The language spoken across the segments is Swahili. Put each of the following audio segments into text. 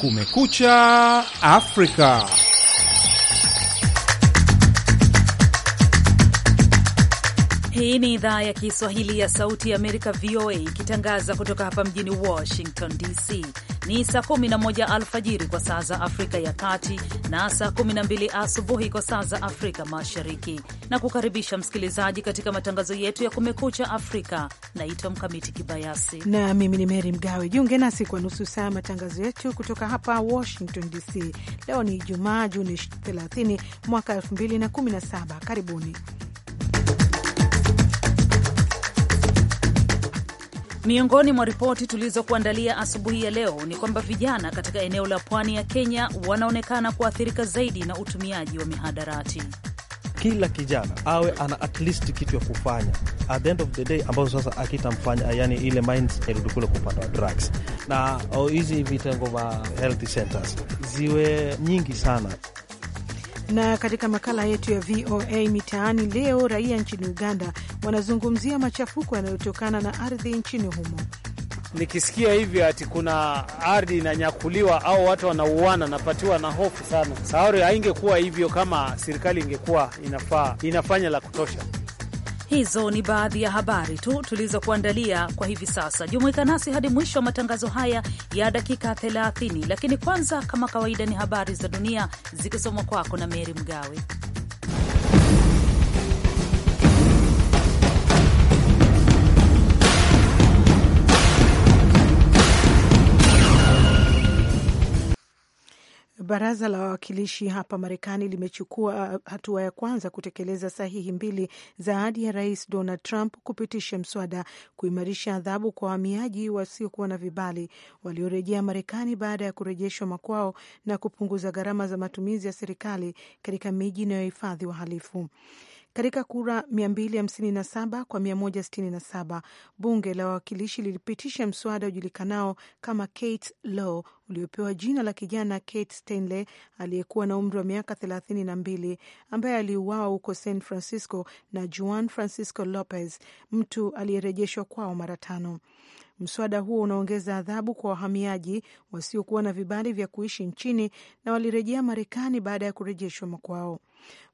Kumekucha Afrika. Hii ni idhaa ya Kiswahili ya Sauti ya Amerika, VOA, ikitangaza kutoka hapa mjini Washington DC ni saa 11 alfajiri kwa saa za Afrika ya Kati na saa 12 asubuhi kwa saa za Afrika Mashariki, na kukaribisha msikilizaji katika matangazo yetu ya Kumekucha Afrika. Naitwa Mkamiti Kibayasi na mimi ni Meri Mgawe. Jiunge nasi kwa nusu saa matangazo yetu kutoka hapa Washington DC. Leo ni Ijumaa, Juni 30 mwaka 2017. Karibuni. Miongoni mwa ripoti tulizokuandalia asubuhi ya leo ni kwamba vijana katika eneo la pwani ya Kenya wanaonekana kuathirika zaidi na utumiaji wa mihadarati. Kila kijana awe ana at least kitu ya kufanya at the end of the day, ambazo sasa akitamfanya yani ile minds irudi kule kupata drugs, na oh, hizi vitengo vya health centers ziwe nyingi sana. Na katika makala yetu ya VOA Mitaani leo, raia nchini Uganda wanazungumzia machafuko yanayotokana na ardhi nchini humo. Nikisikia hivyo ati kuna ardhi inanyakuliwa au watu wanauana, napatiwa na hofu sana. Sauri haingekuwa hivyo kama serikali ingekuwa inafaa inafanya la kutosha. Hizo ni baadhi ya habari tu tulizokuandalia kwa hivi sasa. Jumuika nasi hadi mwisho wa matangazo haya ya dakika 30, lakini kwanza, kama kawaida, ni habari za dunia zikisomwa kwako na Meri Mgawe. Baraza la Wawakilishi hapa Marekani limechukua uh, hatua ya kwanza kutekeleza sahihi mbili za ahadi ya Rais Donald Trump kupitisha mswada kuimarisha adhabu kwa wahamiaji wasiokuwa na vibali waliorejea Marekani baada ya kurejeshwa makwao na kupunguza gharama za matumizi ya serikali katika miji inayohifadhi wahalifu. Katika kura 257 kwa 167 bunge la wawakilishi lilipitisha mswada ujulikanao kama Kate Law uliopewa jina la kijana Kate Stanley aliyekuwa na umri wa miaka thelathini na mbili ambaye aliuawa huko San Francisco na Juan Francisco Lopez, mtu aliyerejeshwa kwao mara tano. Mswada huo unaongeza adhabu kwa wahamiaji wasiokuwa na vibali vya kuishi nchini na walirejea Marekani baada ya kurejeshwa makwao.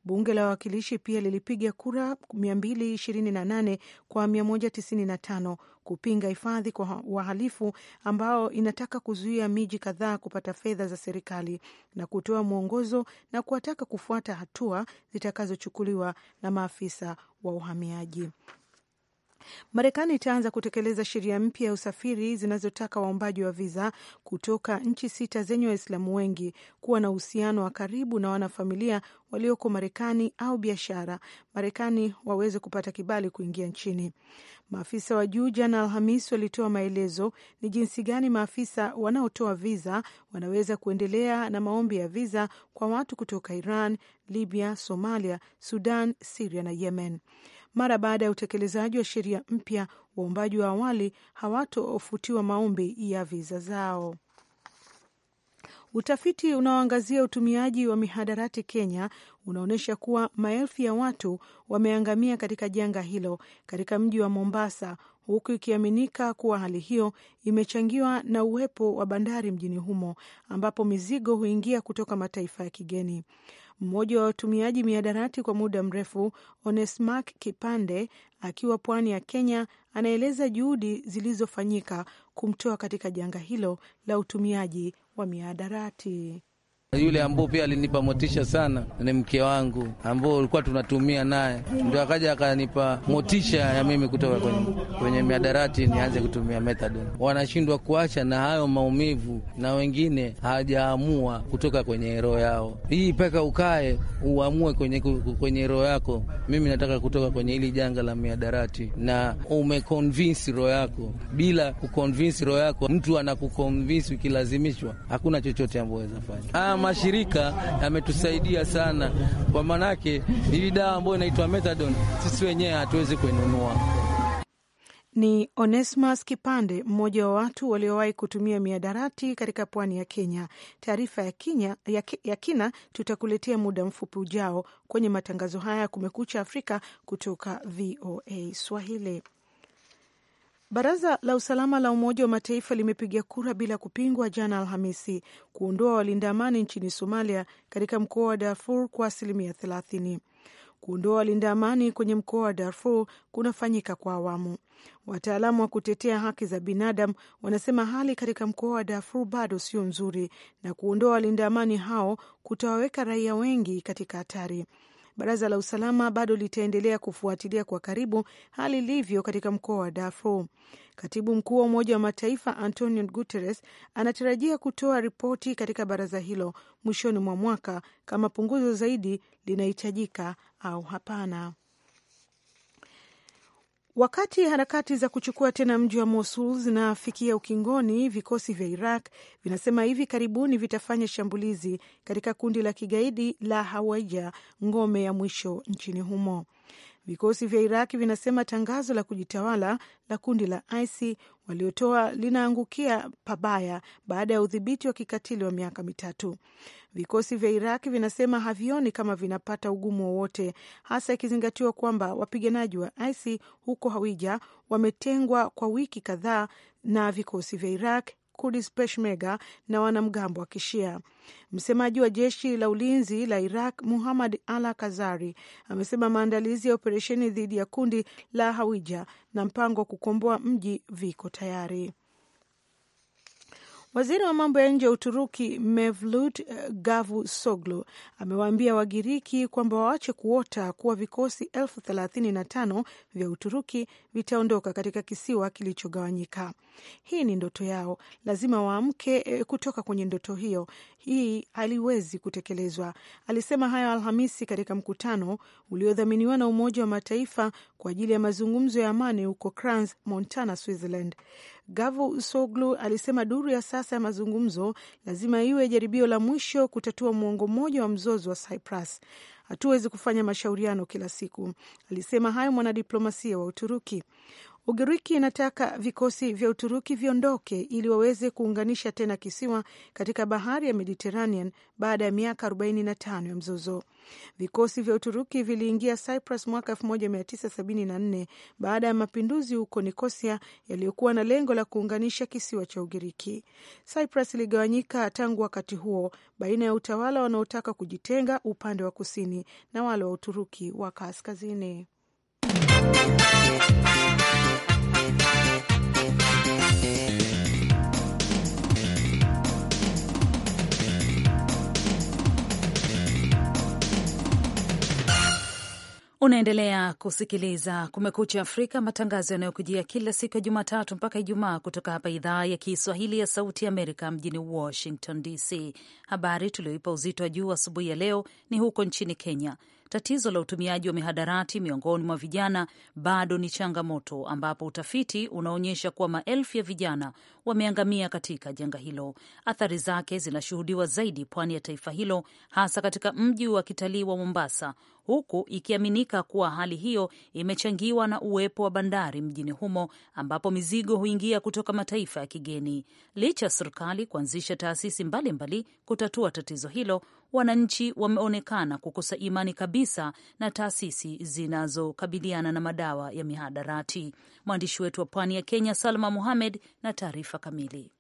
Bunge la Wawakilishi pia lilipiga kura 228 kwa 195 kupinga hifadhi kwa wahalifu ambao inataka kuzuia miji kadhaa kupata fedha za serikali na kutoa mwongozo na kuwataka kufuata hatua zitakazochukuliwa na maafisa wa uhamiaji. Marekani itaanza kutekeleza sheria mpya ya usafiri zinazotaka waombaji wa viza kutoka nchi sita zenye Waislamu wengi kuwa na uhusiano wa karibu na wanafamilia walioko Marekani au biashara Marekani waweze kupata kibali kuingia nchini. Maafisa wa juu jana Alhamis walitoa maelezo ni jinsi gani maafisa wanaotoa viza wanaweza kuendelea na maombi ya viza kwa watu kutoka Iran, Libya, Somalia, Sudan, Siria na Yemen mara baada ya utekelezaji wa sheria mpya, waombaji wa awali hawatofutiwa maombi ya viza zao. Utafiti unaoangazia utumiaji wa mihadarati Kenya unaonyesha kuwa maelfu ya watu wameangamia katika janga hilo katika mji wa Mombasa, huku ikiaminika kuwa hali hiyo imechangiwa na uwepo wa bandari mjini humo ambapo mizigo huingia kutoka mataifa ya kigeni. Mmoja wa watumiaji miadarati kwa muda mrefu, Onesmak Kipande, akiwa pwani ya Kenya, anaeleza juhudi zilizofanyika kumtoa katika janga hilo la utumiaji wa miadarati. Yule ambao pia alinipa motisha sana ni mke wangu ambao ulikuwa tunatumia naye, ndio akaja akanipa motisha ya mimi kutoka kwenye, kwenye miadarati nianze kutumia methadone. Wanashindwa kuacha na hayo maumivu, na wengine hawajaamua kutoka kwenye roho yao. Hii mpaka ukae uamue kwenye, kwenye roho yako, mimi nataka kutoka kwenye hili janga la miadarati, na umekonvinsi roho yako. Bila kukonvinsi roho yako, mtu anakukonvinsi ukilazimishwa, hakuna chochote ambao weza fanya ah, mashirika yametusaidia sana, kwa maanake hii dawa ambayo inaitwa methadone sisi wenyewe hatuwezi kuinunua. Ni Onesmas Kipande, mmoja wa watu waliowahi kutumia miadarati katika pwani ya Kenya. Taarifa ya, ya, ya kina tutakuletea muda mfupi ujao kwenye matangazo haya ya Kumekucha Afrika kutoka VOA Swahili. Baraza la usalama la Umoja wa Mataifa limepiga kura bila kupingwa jana Alhamisi kuondoa walinda amani nchini Somalia katika mkoa wa Darfur kwa asilimia thelathini. Kuondoa walinda amani kwenye mkoa wa Darfur kunafanyika kwa awamu. Wataalamu wa kutetea haki za binadamu wanasema hali katika mkoa wa Darfur bado sio nzuri, na kuondoa walinda amani hao kutawaweka raia wengi katika hatari baraza la usalama bado litaendelea kufuatilia kwa karibu hali ilivyo katika mkoa wa Darfur. Katibu mkuu wa Umoja wa Mataifa Antonio Guterres anatarajia kutoa ripoti katika baraza hilo mwishoni mwa mwaka kama punguzo zaidi linahitajika au hapana. Wakati harakati za kuchukua tena mji wa Mosul zinafikia ukingoni, vikosi vya Iraq vinasema hivi karibuni vitafanya shambulizi katika kundi la kigaidi la Hawaja, ngome ya mwisho nchini humo. Vikosi vya Iraki vinasema tangazo la kujitawala la kundi la IC waliotoa linaangukia pabaya baada ya udhibiti wa kikatili wa miaka mitatu. Vikosi vya Iraki vinasema havioni kama vinapata ugumu wowote, hasa ikizingatiwa kwamba wapiganaji wa IC huko Hawija wametengwa kwa wiki kadhaa na vikosi vya Iraq Kudis Peshmerga na wanamgambo wa Kishia. Msemaji wa jeshi la ulinzi la Iraq Muhammad Ala Kazari amesema maandalizi ya operesheni dhidi ya kundi la Hawija na mpango wa kukomboa mji viko tayari. Waziri wa mambo ya nje ya Uturuki Mevlut eh, gavu Soglu amewaambia Wagiriki kwamba waache kuota kuwa vikosi elfu thelathini na tano vya Uturuki vitaondoka katika kisiwa kilichogawanyika. Hii ni ndoto yao, lazima waamke eh, kutoka kwenye ndoto hiyo, hii haliwezi kutekelezwa. Alisema hayo Alhamisi katika mkutano uliodhaminiwa na Umoja wa Mataifa kwa ajili ya mazungumzo ya amani huko Crans, Montana, Switzerland gavu Soglu alisema duru ya sasa ya mazungumzo lazima iwe jaribio la mwisho kutatua mwongo mmoja wa mzozo wa Cyprus. Hatuwezi kufanya mashauriano kila siku, alisema hayo mwanadiplomasia wa Uturuki. Ugiriki inataka vikosi vya Uturuki viondoke ili waweze kuunganisha tena kisiwa katika bahari ya Mediterranean baada ya miaka 45 ya mzozo. Vikosi vya Uturuki viliingia Cyprus mwaka 1974 baada ya mapinduzi huko Nikosia yaliyokuwa na lengo la kuunganisha kisiwa cha Ugiriki. Cyprus iligawanyika tangu wakati huo baina ya utawala wanaotaka kujitenga upande wa kusini na wale wa Uturuki wa kaskazini. Unaendelea kusikiliza Kumekucha Afrika, matangazo yanayokujia kila siku ya Jumatatu mpaka Ijumaa kutoka hapa idhaa ya Kiswahili ya Sauti ya Amerika mjini Washington DC. Habari tulioipa uzito wa juu asubuhi ya leo ni huko nchini Kenya, tatizo la utumiaji wa mihadarati miongoni mwa vijana bado ni changamoto, ambapo utafiti unaonyesha kuwa maelfu ya vijana wameangamia katika janga hilo. Athari zake zinashuhudiwa zaidi pwani ya taifa hilo, hasa katika mji wa kitalii wa Mombasa, huku ikiaminika kuwa hali hiyo imechangiwa na uwepo wa bandari mjini humo ambapo mizigo huingia kutoka mataifa ya kigeni. Licha ya serikali kuanzisha taasisi mbalimbali mbali kutatua tatizo hilo, wananchi wameonekana kukosa imani kabisa na taasisi zinazokabiliana na madawa ya mihadarati. Mwandishi wetu wa pwani ya Kenya, Salma muhamed na taarifa kamili.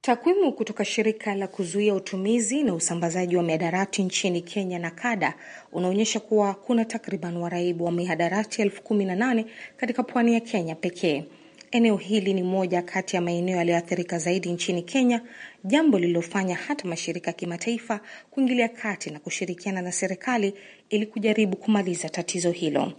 Takwimu kutoka shirika la kuzuia utumizi na usambazaji wa mihadarati nchini Kenya na kada unaonyesha kuwa kuna takriban waraibu wa mihadarati elfu kumi na nane katika pwani ya Kenya pekee. Eneo hili ni moja kati ya maeneo yaliyoathirika zaidi nchini Kenya jambo lililofanya hata mashirika ya kimataifa kuingilia kati na kushirikiana na serikali ili kujaribu kumaliza tatizo hilo.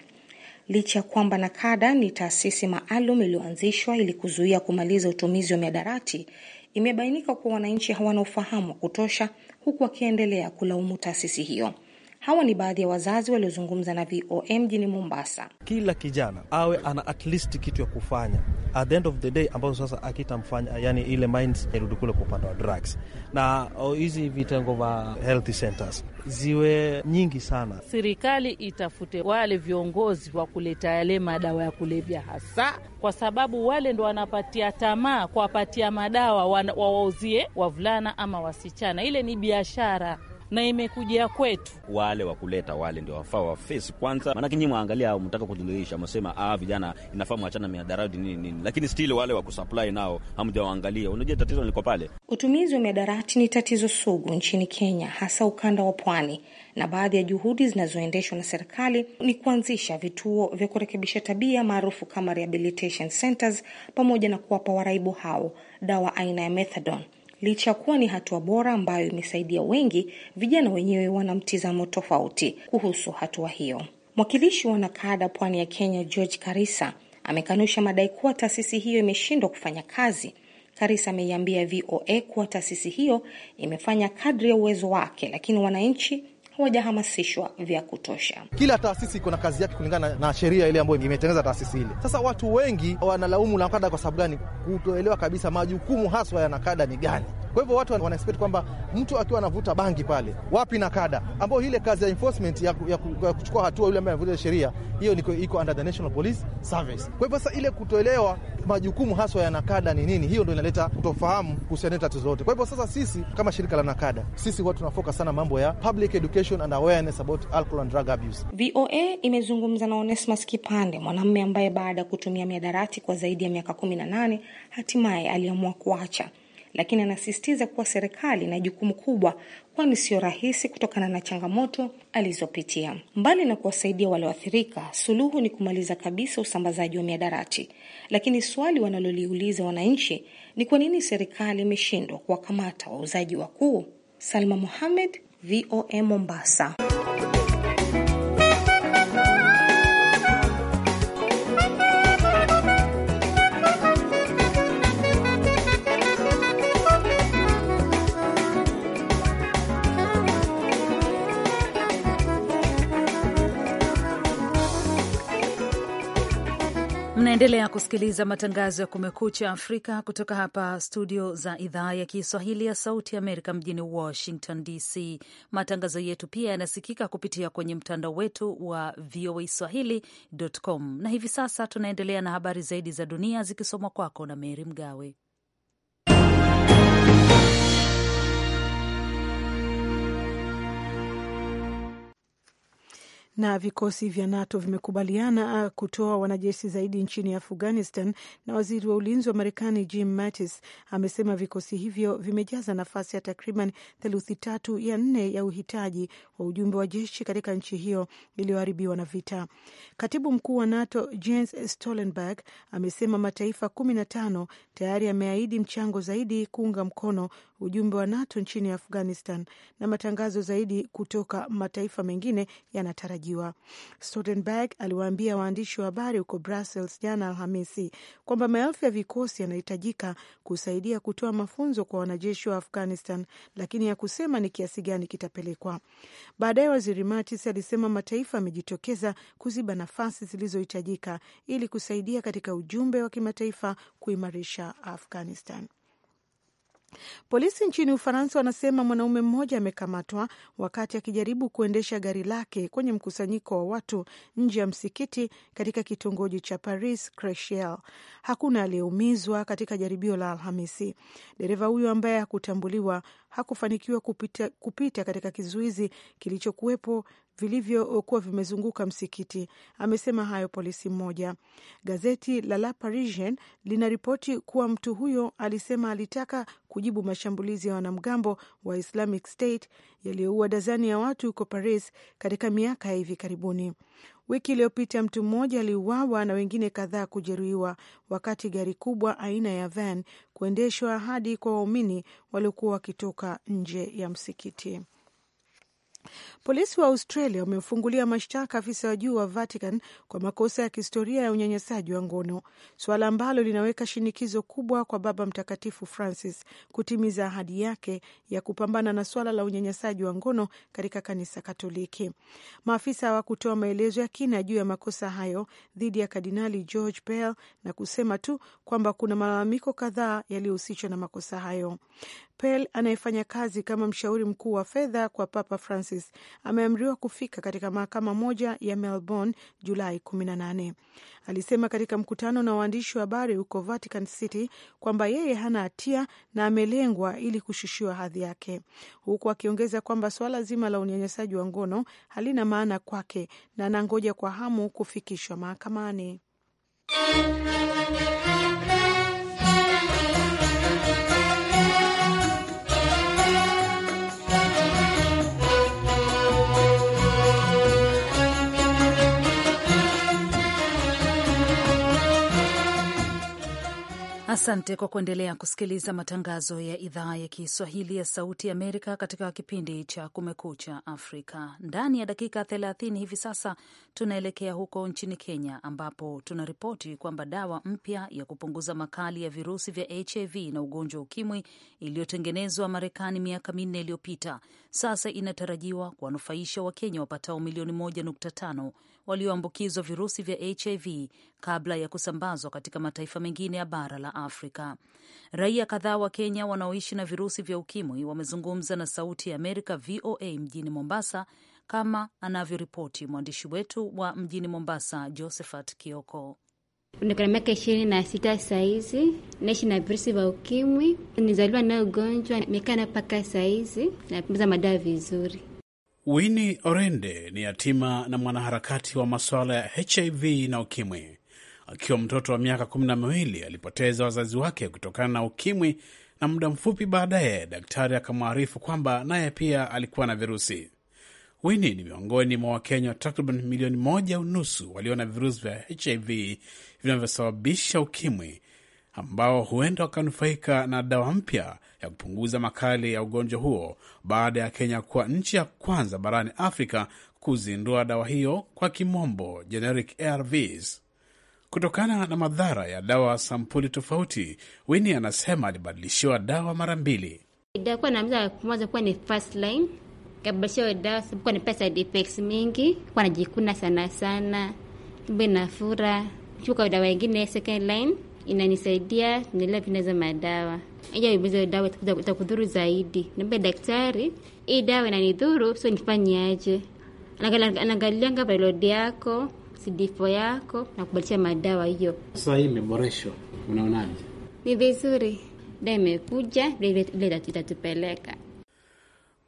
Licha ya kwamba NACADA ni taasisi maalum iliyoanzishwa ili kuzuia kumaliza utumizi wa miadarati, imebainika kuwa wananchi hawana ufahamu wa kutosha, huku wakiendelea kulaumu taasisi hiyo. Hawa ni baadhi ya wazazi waliozungumza na VOA mjini Mombasa. Kila kijana awe ana at least kitu ya kufanya at the end of the day, ambazo sasa akitamfanya yani ile mind irudi kule kwa upande wa drugs, na oh, hizi vitengo vya health centers ziwe nyingi sana. Serikali itafute wale viongozi wa kuleta yale madawa ya kulevya hasa, kwa sababu wale ndo wanapatia tamaa, kuwapatia madawa wawauzie wavulana ama wasichana. Ile ni biashara na imekuja kwetu. Wale wa kuleta wale ndio wafaa wafesi kwanza, maanake nyinyi mwangalia, mtaka kujuluhisha, msema ah, vijana inafaa mwachana miadarati nini nini, lakini still wale wa kusupply nao hamjawaangalia. Unajua tatizo liko pale. Utumizi wa miadarati ni tatizo sugu nchini Kenya, hasa ukanda wa pwani, na baadhi ya juhudi zinazoendeshwa na serikali ni kuanzisha vituo vya kurekebisha tabia maarufu kama rehabilitation centers, pamoja na kuwapa waraibu hao dawa aina ya methadone licha kuwa ni hatua bora ambayo imesaidia wengi, vijana wenyewe wana mtizamo tofauti kuhusu hatua hiyo. Mwakilishi wa nakada pwani ya Kenya, George Karisa, amekanusha madai kuwa taasisi hiyo imeshindwa kufanya kazi. Karisa ameiambia VOA kuwa taasisi hiyo imefanya kadri ya uwezo wake, lakini wananchi hawajahamasishwa vya kutosha. Kila taasisi iko na kazi yake kulingana na sheria ile ambayo imetengeneza taasisi ile. Sasa watu wengi wanalaumu NACADA kwa sababu gani? Kutoelewa kabisa majukumu haswa ya NACADA ni gani. Kwa hivyo watu wana expect kwamba mtu akiwa anavuta bangi pale, wapi na kada, ambayo ile kazi ya enforcement ya, ya, ya kuchukua hatua yule ambaye anavuta sheria hiyo iko under the National Police Service. Kwa hivyo sasa ile kutoelewa majukumu haswa ya nakada ni nini, hiyo ndio inaleta kutofahamu kuhusiana na tatizo lote. Kwa hivyo sasa sisi kama shirika la nakada, sisi huwa tunafoka sana mambo ya public education and awareness about alcohol and drug abuse. VOA imezungumza na Onesmus Kipande, mwanamume ambaye baada ya kutumia miadarati kwa zaidi ya miaka 18 hatimaye aliamua kuacha lakini anasisitiza kuwa serikali ina jukumu kubwa, kwani sio rahisi kutokana na changamoto alizopitia. Mbali na kuwasaidia walioathirika, suluhu ni kumaliza kabisa usambazaji wa miadarati. Lakini swali wanaloliuliza wananchi ni kwa nini serikali imeshindwa kuwakamata wauzaji wakuu? Salma Mohamed, VOA Mombasa. Unaendelea kusikiliza matangazo ya Kumekucha Afrika kutoka hapa studio za idhaa ya Kiswahili ya Sauti Amerika mjini Washington DC. Matangazo yetu pia yanasikika kupitia kwenye mtandao wetu wa VOA swahili.com, na hivi sasa tunaendelea na habari zaidi za dunia zikisomwa kwako na Meri Mgawe. na vikosi vya NATO vimekubaliana kutoa wanajeshi zaidi nchini Afghanistan, na waziri wa ulinzi wa Marekani Jim Mattis amesema vikosi hivyo vimejaza nafasi ya takriban theluthi tatu ya nne ya uhitaji wa ujumbe wa jeshi katika nchi hiyo iliyoharibiwa na vita. Katibu mkuu wa NATO Jens Stoltenberg amesema mataifa kumi na tano tayari yameahidi mchango zaidi kuunga mkono ujumbe wa NATO nchini Afghanistan na matangazo zaidi kutoka mataifa mengine yanatarajiwa. Stoltenberg aliwaambia waandishi wa habari huko Brussels jana Alhamisi kwamba maelfu ya vikosi yanahitajika kusaidia kutoa mafunzo kwa wanajeshi wa Afghanistan, lakini ya kusema ni kiasi gani kitapelekwa baadaye. Waziri Mattis alisema mataifa yamejitokeza kuziba nafasi zilizohitajika ili kusaidia katika ujumbe wa kimataifa kuimarisha Afghanistan. Polisi nchini Ufaransa wanasema mwanaume mmoja amekamatwa wakati akijaribu kuendesha gari lake kwenye mkusanyiko wa watu nje ya msikiti katika kitongoji cha Paris Crechel. Hakuna aliyeumizwa katika jaribio la Alhamisi. Dereva huyo ambaye hakutambuliwa hakufanikiwa kupita, kupita katika kizuizi kilichokuwepo vilivyokuwa vimezunguka msikiti. Amesema hayo polisi mmoja. Gazeti la La Parisien linaripoti kuwa mtu huyo alisema alitaka kujibu mashambulizi ya wanamgambo wa Islamic State yaliyoua dazani ya watu huko Paris katika miaka ya hivi karibuni. Wiki iliyopita mtu mmoja aliuawa na wengine kadhaa kujeruhiwa wakati gari kubwa aina ya van kuendeshwa hadi kwa waumini waliokuwa wakitoka nje ya msikiti. Polisi wa Australia wamemfungulia mashtaka afisa wa juu wa Vatican kwa makosa ya kihistoria ya unyanyasaji wa ngono, suala ambalo linaweka shinikizo kubwa kwa Baba Mtakatifu Francis kutimiza ahadi yake ya kupambana na suala la unyanyasaji wa ngono katika kanisa Katoliki. Maafisa hawakutoa maelezo ya kina juu ya makosa hayo dhidi ya Kardinali George Pell na kusema tu kwamba kuna malalamiko kadhaa yaliyohusishwa na makosa hayo. Pell anayefanya kazi kama mshauri mkuu wa fedha kwa Papa Francis ameamriwa kufika katika mahakama moja ya Melbourne Julai 18. Alisema katika mkutano na waandishi wa habari huko Vatican City kwamba yeye hana hatia na amelengwa ili kushushiwa hadhi yake, huku akiongeza kwamba suala zima la unyanyasaji wa ngono halina maana kwake na anangoja kwa hamu kufikishwa mahakamani. Asante kwa kuendelea kusikiliza matangazo ya idhaa ya Kiswahili ya Sauti ya Amerika katika kipindi cha Kumekucha Afrika. Ndani ya dakika 30 hivi sasa tunaelekea huko nchini Kenya, ambapo tunaripoti kwamba dawa mpya ya kupunguza makali ya virusi vya HIV na ugonjwa ukimwi iliyotengenezwa Marekani miaka minne iliyopita sasa inatarajiwa kuwanufaisha Wakenya wapatao milioni 1.5 walioambukizwa virusi vya HIV kabla ya kusambazwa katika mataifa mengine ya bara la Afrika. Raia kadhaa wa Kenya wanaoishi na virusi vya ukimwi wamezungumza na Sauti ya Amerika VOA mjini Mombasa, kama anavyoripoti mwandishi wetu wa mjini Mombasa, Josephat Kioko. Nikona miaka ishirini na sita sahizi, naishi na virusi vya ukimwi. Nizaliwa nayo ugonjwa, nimekaa napaka sahizi, napunguza madawa vizuri. Wini Orende ni yatima na mwanaharakati wa masuala ya HIV na ukimwi. Akiwa mtoto wa miaka kumi na miwili alipoteza wazazi wake kutokana na ukimwi, na muda mfupi baadaye daktari akamwarifu kwamba naye pia alikuwa na virusi. wini ni miongoni mwa Wakenya takriban milioni moja unusu walio na virusi vya HIV vinavyosababisha ukimwi ambao huenda wakanufaika na dawa mpya ya kupunguza makali ya ugonjwa huo baada ya Kenya kuwa nchi ya kwanza barani Afrika kuzindua dawa hiyo, kwa kimombo generic ARVs. Kutokana na madhara ya dawa sampuli tofauti, Wini anasema alibadilishiwa dawa mara mbili. kuwa ni first line, kabadilishiwa dawa sababu kuwa ni mingi, kuwa najikuna sana sana, chuka dawa ingine second line inanisaidia nilea vinaweza madawa ija ibizo dawa itakudhuru zaidi, nambe daktari, hii dawa inanidhuru, so nifanyaje? Anaangalianga balodi yako sidifo yako na kubadilisha madawa hiyo. Sasa hii imeboreshwa, unaonaje? Ni vizuri, dawa imekuja vile itatupeleka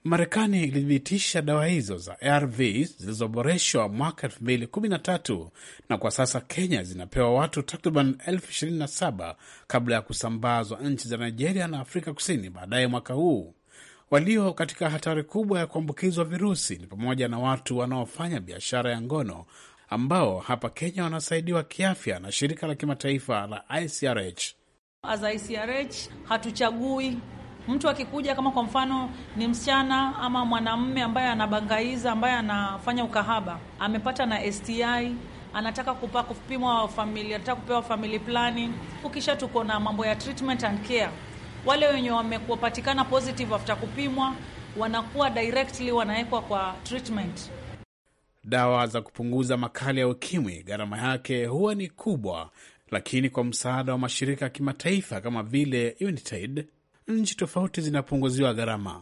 Marekani ilithibitisha dawa hizo za ARV zilizoboreshwa mwaka 2013 na kwa sasa Kenya zinapewa watu takriban 27 kabla ya kusambazwa nchi za Nigeria na Afrika Kusini baadaye mwaka huu. Walio katika hatari kubwa ya kuambukizwa virusi ni pamoja na watu wanaofanya biashara ya ngono ambao hapa Kenya wanasaidiwa kiafya na shirika la kimataifa la ICRH. As ICRH hatuchagui Mtu akikuja kama kwa mfano ni msichana ama mwanamume ambaye anabangaiza, ambaye anafanya ukahaba, amepata na STI anataka kupa kupimwa familia anataka kupewa family planning. Ukisha tuko na mambo ya treatment and care. Wale wenye wamekupatikana positive after kupimwa wanakuwa directly wanawekwa kwa treatment. Dawa za kupunguza makali ya ukimwi gharama yake huwa ni kubwa, lakini kwa msaada wa mashirika ya kimataifa kama vile UNITAID nchi tofauti zinapunguziwa gharama.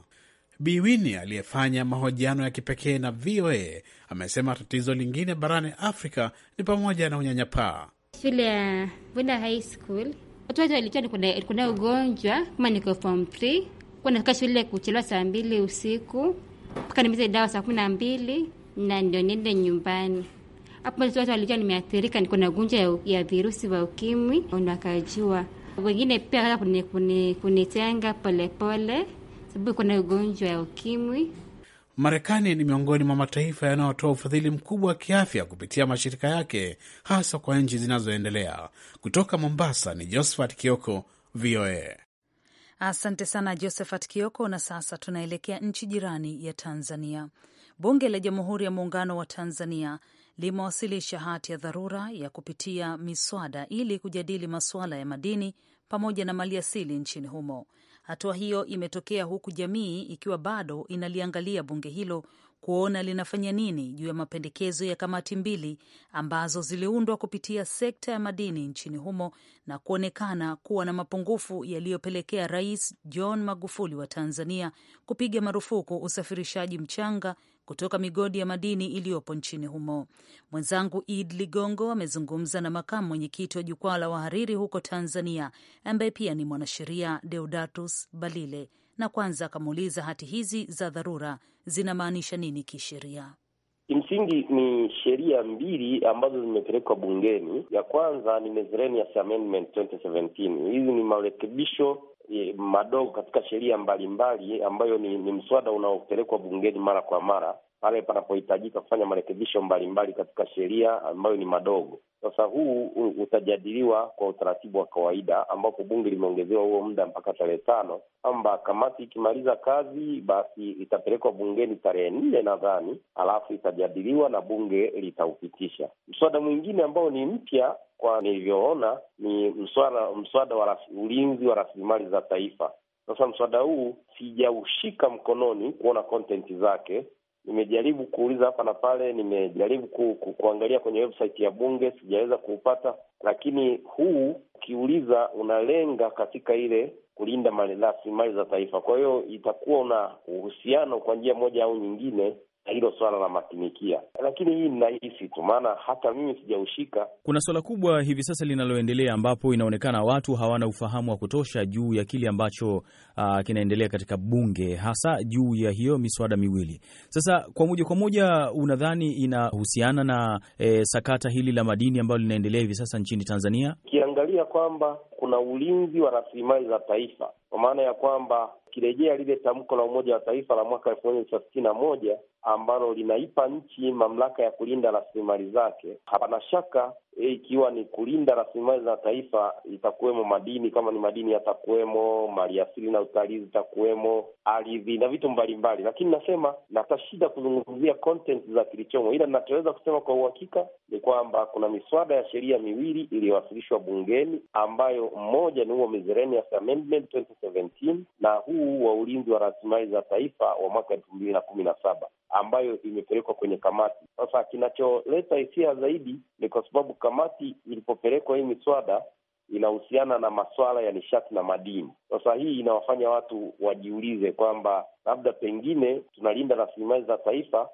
Biwini aliyefanya mahojiano ya kipekee na VOA amesema tatizo lingine barani Afrika ni pamoja na unyanyapaa. Shule ya Vunda High School watu wote kuna ugonjwa kama niko form three, nafika shule kuchelewa saa mbili usiku mpaka nimeze dawa saa kumi na mbili na ndio niende nyumbani. Hapo watu walijua nimeathirika, niko na ugonjwa ya virusi vya ukimwi, wakajua wengine pia kaa kunitenga polepole, sababu kuna ugonjwa ya ukimwi. Marekani ni miongoni mwa mataifa yanayotoa ufadhili mkubwa wa kiafya kupitia mashirika yake hasa kwa nchi zinazoendelea. Kutoka Mombasa ni Josephat Kioko, VOA. Asante sana Josephat Kioko. Na sasa tunaelekea nchi jirani ya Tanzania. Bunge la Jamhuri ya Muungano wa Tanzania limewasilisha hati ya dharura ya kupitia miswada ili kujadili masuala ya madini pamoja na maliasili nchini humo. Hatua hiyo imetokea huku jamii ikiwa bado inaliangalia bunge hilo kuona linafanya nini juu ya mapendekezo ya kamati mbili ambazo ziliundwa kupitia sekta ya madini nchini humo na kuonekana kuwa na mapungufu yaliyopelekea Rais John Magufuli wa Tanzania kupiga marufuku usafirishaji mchanga kutoka migodi ya madini iliyopo nchini humo. Mwenzangu Id Ligongo amezungumza na makamu mwenyekiti wa jukwaa la wahariri huko Tanzania, ambaye pia ni mwanasheria Deodatus Balile, na kwanza akamuuliza hati hizi za dharura zinamaanisha nini kisheria. Kimsingi ni sheria mbili ambazo zimepelekwa bungeni. Ya kwanza ni Miscellaneous Amendment 2017. Hizi ni marekebisho e, madogo katika sheria mbalimbali ambayo ni, ni mswada unaopelekwa bungeni mara kwa mara pale panapohitajika kufanya marekebisho mbalimbali katika sheria ambayo ni madogo. Sasa huu utajadiliwa kwa utaratibu wa kawaida, ambapo bunge limeongezewa huo muda mpaka tarehe tano, kwamba kamati ikimaliza kazi basi itapelekwa bungeni tarehe nne nadhani, alafu itajadiliwa na bunge litaupitisha. Mswada mwingine ambao ni mpya kwa nilivyoona ni mswada mswada wa ulinzi wa rasilimali za taifa. Sasa mswada huu sijaushika mkononi kuona kontenti zake, Nimejaribu kuuliza hapa na pale, nimejaribu ku, ku, kuangalia kwenye website ya Bunge, sijaweza kuupata. Lakini huu ukiuliza, unalenga katika ile kulinda rasilimali za taifa. Kwa hiyo itakuwa una uhusiano kwa njia moja au nyingine hilo swala la matumikia, lakini hii ninahisi tu, maana hata mimi sijaushika. Kuna swala kubwa hivi sasa linaloendelea, ambapo inaonekana watu hawana ufahamu wa kutosha juu ya kile ambacho uh, kinaendelea katika bunge, hasa juu ya hiyo miswada miwili. Sasa kwa moja kwa moja, unadhani inahusiana na eh, sakata hili la madini ambalo linaendelea hivi sasa nchini Tanzania, ukiangalia kwamba kuna ulinzi wa rasilimali za taifa, kwa maana ya kwamba kirejea lile tamko la Umoja wa Taifa la mwaka elfu moja mia tisa sitini na moja ambalo linaipa nchi mamlaka ya kulinda rasilimali zake. Hapana shaka eh, ikiwa ni kulinda rasilimali za taifa, itakuwemo madini, kama ni madini yatakuwemo, maliasili na utalii zitakuwemo, ardhi na vitu mbalimbali. Lakini nasema natashida kuzungumzia content za kilichomo, ila nachoweza kusema kwa uhakika ni kwamba kuna miswada ya sheria miwili iliyowasilishwa bungeni, ambayo mmoja ni huo Miscellaneous Amendment 2017 na huu wa ulinzi wa rasilimali za taifa wa mwaka elfu mbili na kumi na saba ambayo imepelekwa kwenye kamati. Sasa kinacholeta hisia zaidi ni kwa sababu kamati ilipopelekwa hii miswada inahusiana na masuala ya nishati na madini. Sasa hii inawafanya watu wajiulize kwamba labda pengine tunalinda rasilimali za taifa,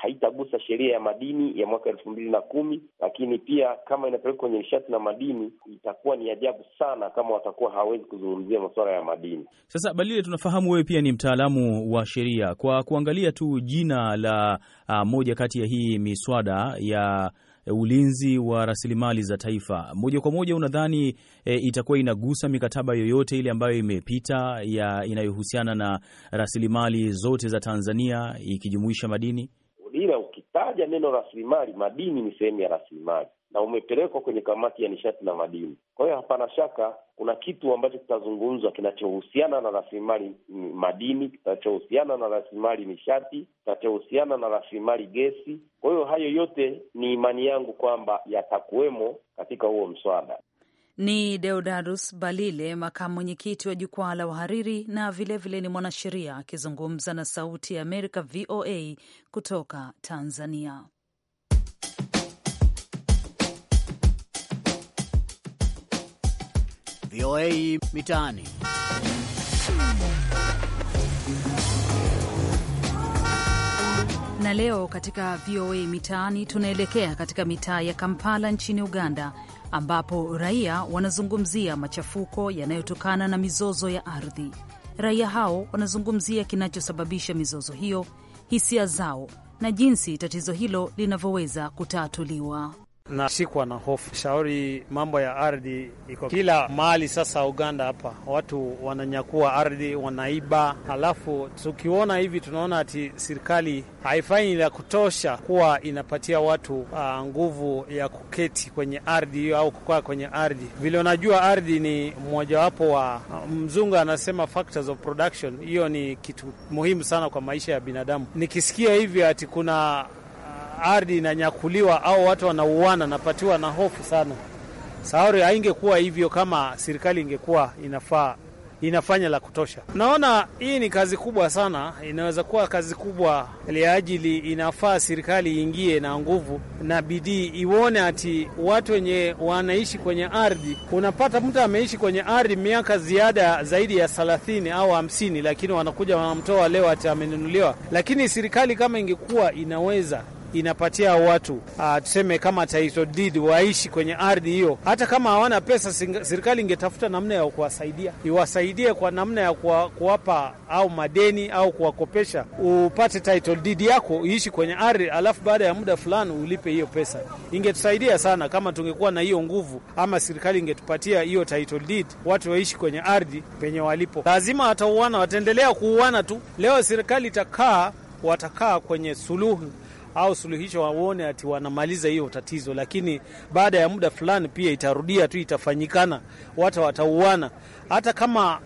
haitagusa sheria ya madini ya mwaka elfu mbili na kumi, lakini pia kama inapelekwa kwenye nishati na madini itakuwa ni ajabu sana kama watakuwa hawawezi kuzungumzia masuala ya madini. Sasa Balile, tunafahamu wewe pia ni mtaalamu wa sheria. Kwa kuangalia tu jina la a, moja kati ya hii miswada ya E, ulinzi wa rasilimali za taifa, moja kwa moja unadhani e, itakuwa inagusa mikataba yoyote ile ambayo imepita ya inayohusiana na rasilimali zote za Tanzania ikijumuisha madini? Ila ukitaja neno rasilimali, madini ni sehemu ya rasilimali na umepelekwa kwenye kamati ya nishati na madini. Kwa hiyo hapana shaka kuna kitu ambacho kitazungumzwa kinachohusiana na rasilimali madini, kinachohusiana na rasilimali nishati, kinachohusiana na rasilimali gesi. Kwa hiyo hayo yote ni imani yangu kwamba yatakuwemo katika huo mswada. Ni Deodarus Balile, makamu mwenyekiti wa jukwaa la wahariri na vilevile vile ni mwanasheria, akizungumza na Sauti ya Amerika VOA kutoka Tanzania. VOA Mitaani. Na leo katika VOA Mitaani tunaelekea katika mitaa ya Kampala nchini Uganda, ambapo raia wanazungumzia machafuko yanayotokana na mizozo ya ardhi. Raia hao wanazungumzia kinachosababisha mizozo hiyo, hisia zao na jinsi tatizo hilo linavyoweza kutatuliwa na sikwa na hofu. Shauri mambo ya ardhi iko kila mahali sasa. Uganda hapa watu wananyakua ardhi, wanaiba. Halafu tukiona hivi tunaona ati serikali haifanyi la kutosha kuwa inapatia watu uh, nguvu ya kuketi kwenye ardhi hiyo au kukaa kwenye ardhi vile. Unajua, ardhi ni mmojawapo wa ah, mzungu anasema factors of production. Hiyo ni kitu muhimu sana kwa maisha ya binadamu. Nikisikia hivi ati kuna ardhi inanyakuliwa au watu wanauana, napatiwa na hofu sana. Sauri haingekuwa hivyo kama serikali ingekuwa inafaa inafanya la kutosha. Naona hii ni kazi kubwa sana, inaweza kuwa kazi kubwa ya ajili, inafaa serikali iingie na nguvu na bidii, iwone ati watu wenye wanaishi kwenye ardhi. Unapata mtu ameishi kwenye ardhi miaka ziada zaidi ya thelathini au hamsini, lakini wanakuja wanamtoa leo ati amenunuliwa. Lakini serikali kama ingekuwa inaweza inapatia watu uh, tuseme kama title deed waishi kwenye ardhi hiyo. Hata kama hawana pesa, serikali ingetafuta namna ya kuwasaidia, iwasaidie kwa namna ya kuwa, kuwapa au madeni au kuwakopesha, upate title deed yako iishi kwenye ardhi, alafu baada ya muda fulani ulipe hiyo pesa. Ingetusaidia sana kama tungekuwa na hiyo nguvu, ama serikali ingetupatia hiyo title deed, watu waishi kwenye ardhi penye walipo. Lazima watauana, wataendelea kuuana tu. Leo serikali itakaa, watakaa kwenye suluhu au suluhisho waone ati wanamaliza hiyo tatizo, lakini baada ya muda fulani pia itarudia tu, itafanyikana, watu watauana. Hata kama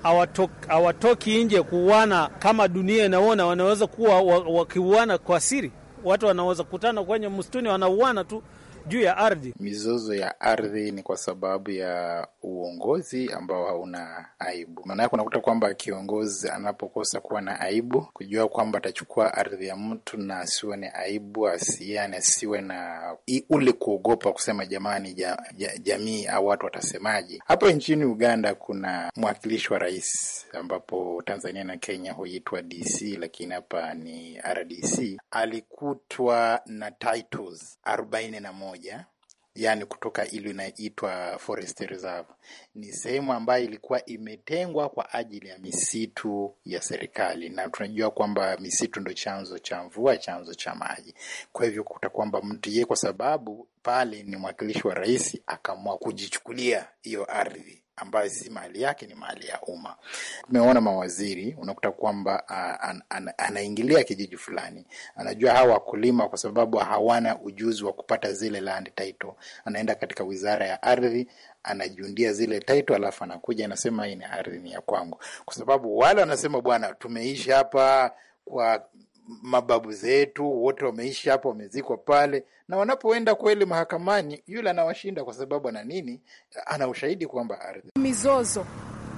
hawatoki nje kuuana, kama dunia inaona, wanaweza kuwa wakiuana kwa siri, watu wanaweza kutana kwenye msituni, wanauana tu juu ya ardhi. Mizozo ya ardhi ni kwa sababu ya uongozi ambao hauna aibu. Maana yake unakuta kwamba kiongozi anapokosa kuwa na aibu, kujua kwamba atachukua ardhi ya mtu na asiwe na aibu, asiane, asiwe na ule kuogopa kusema jamani, ja, ja, jamii au watu watasemaje. Hapo nchini Uganda kuna mwakilishi wa rais, ambapo Tanzania na Kenya huitwa DC, lakini hapa ni RDC. Alikutwa na titles arobaini na moja moja yani kutoka ile inaitwa forest reserve. Ni sehemu ambayo ilikuwa imetengwa kwa ajili ya misitu ya serikali, na tunajua kwamba misitu ndo chanzo cha mvua, chanzo cha maji. Kwa hivyo kuta kwamba mtu yeye, kwa sababu pale ni mwakilishi wa rais, akaamua kujichukulia hiyo ardhi ambayo si mali yake, ni mali ya umma. Tumeona mawaziri, unakuta kwamba an, an, anaingilia kijiji fulani, anajua hawa wakulima, kwa sababu hawana ujuzi wa kupata zile land title, anaenda katika wizara ya ardhi anajiundia zile title alafu anakuja anasema hii ni ardhi ni ya kwangu, kwa sababu wale wanasema bwana, tumeishi hapa kwa mababu zetu wote wameishi hapo, wamezikwa pale, na wanapoenda kweli mahakamani, yule anawashinda kwa sababu ana nini? Ana ushahidi kwamba ardhi. Mizozo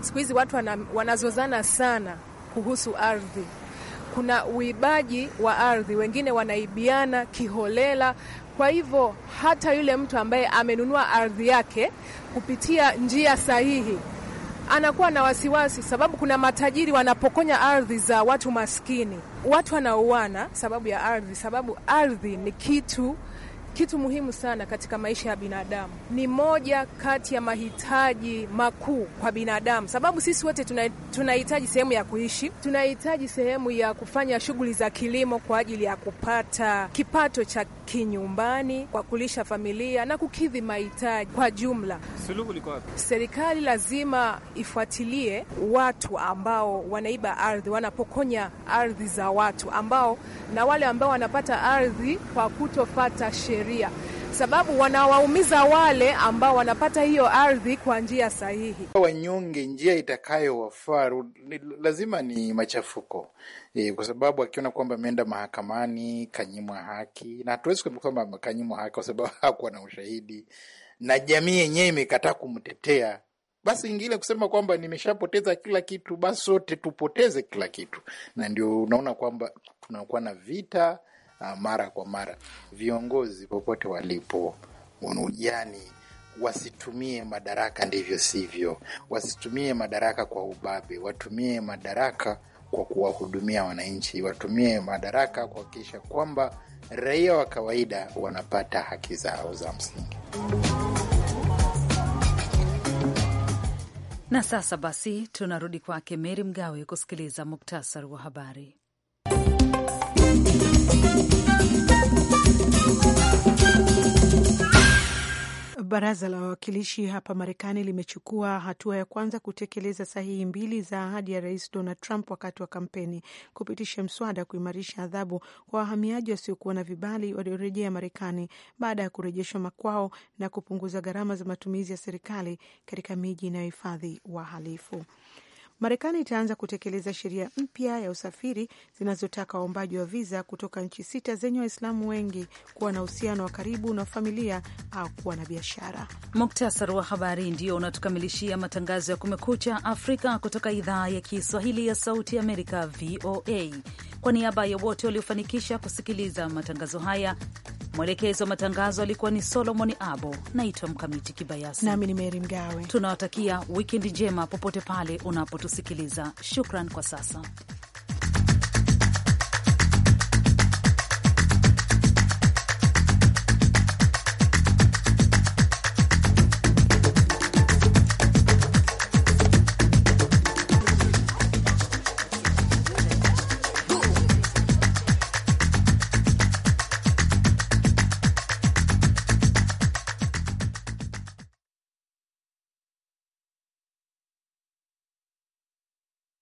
siku hizi watu wana, wanazozana sana kuhusu ardhi. Kuna uibaji wa ardhi, wengine wanaibiana kiholela. Kwa hivyo hata yule mtu ambaye amenunua ardhi yake kupitia njia sahihi anakuwa na wasiwasi, sababu kuna matajiri wanapokonya ardhi za watu maskini, watu wanauana sababu ya ardhi, sababu ardhi ni kitu kitu muhimu sana katika maisha ya binadamu, ni moja kati ya mahitaji makuu kwa binadamu, sababu sisi wote tunahitaji tuna sehemu ya kuishi, tunahitaji sehemu ya kufanya shughuli za kilimo kwa ajili ya kupata kipato cha kinyumbani, kwa kulisha familia na kukidhi mahitaji kwa jumla. Suluhu liko wapi? Serikali lazima ifuatilie watu ambao wanaiba ardhi, wanapokonya ardhi za watu ambao na wale ambao wanapata ardhi kwa kutofata sheria sheria, sababu wanawaumiza wale ambao wanapata hiyo ardhi kwa njia sahihi. Wanyonge njia itakayowafaa lazima ni machafuko e, kwa sababu akiona kwamba ameenda mahakamani kanyimwa haki, na hatuwezi kwamba kanyimwa haki kwa sababu hakuwa na ushahidi na jamii yenyewe imekataa kumtetea basi ingile kusema kwamba nimeshapoteza kila kitu, basi sote tupoteze kila kitu, na ndio unaona kwamba tunakuwa na vita uh, mara kwa mara. Viongozi popote walipo, yani wasitumie madaraka ndivyo sivyo, wasitumie madaraka kwa ubabe, watumie madaraka kwa kuwahudumia wananchi, watumie madaraka kuhakikisha kwamba raia wa kawaida wanapata haki zao za msingi. Na sasa basi tunarudi kwake Meri Mgawe kusikiliza muktasari wa habari. Baraza la wawakilishi hapa Marekani limechukua hatua ya kwanza kutekeleza sahihi mbili za ahadi ya Rais Donald Trump wakati wa kampeni, kupitisha mswada kuimarisha adhabu kwa wahamiaji wasiokuwa na vibali waliorejea Marekani baada ya kurejeshwa makwao na kupunguza gharama za matumizi ya serikali katika miji inayohifadhi wahalifu. Marekani itaanza kutekeleza sheria mpya ya usafiri zinazotaka waombaji wa viza kutoka nchi sita zenye Waislamu wengi kuwa na uhusiano wa karibu na familia au kuwa na biashara. Muktasar wa habari ndio unatukamilishia matangazo ya Kumekucha Afrika kutoka idhaa ya Kiswahili ya Sauti Amerika, VOA. Kwa niaba ya wote waliofanikisha kusikiliza matangazo haya Mwelekezi wa matangazo alikuwa ni Solomon Abo. Naitwa Mkamiti Kibayasi nami ni Meri Mgawe. Tunawatakia wikendi njema popote pale unapotusikiliza. Shukran kwa sasa.